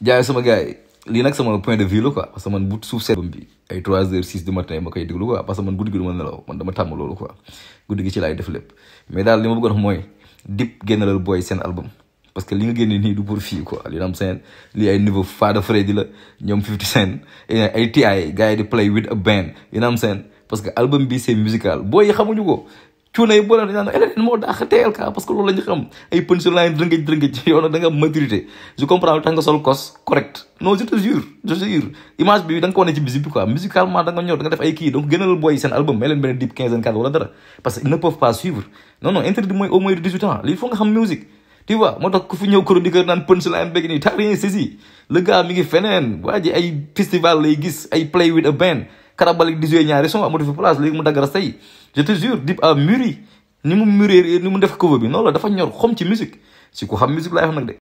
jaay sama gars yi lii nag sama point de vue la quoi parce que man bu suuf seet ay trois six du matin ma koy déglu quoi parce que man guddi gi du ma nelaw man dama tàmm loolu quoi guddi gi ci laay def lépp mais daal li ma bëggoon wax mooy dip génnalal booy seen album parce que li nga génne nii du pour fii quoi li am seen lii ay niveau Fada Freddy la ñoom 50 Cent ay TI gars yi di play with a band yi am seen parce que album bi c'est musical ko cuuna yi parce que loolu la xam ay punchline dëngëj dëngëj yow nag da maturité je comprends lu tax nga sol kos correct non je te jure image bi da ko wane ci bi quoi musicalement da nga ñor da def ay kii donc gënal booy seen album may leen benn dib quinzaine quatre wala dara parce que ils ne peuvent pas suivre non non mooy au moins de 18 ans lii faut nga xam musique tu moo tax ku fi ñëw chroniqueur naan punchline bëgg nii t'as rien saisi le karabalik di joué ñaari son amatu fi place léegi mu dagg rasta yi je te jure Dip a mûri ni mu mûrir ni mu def cover bi noonu la dafa ñor xom ci musique si ku xam musique laay wax nag de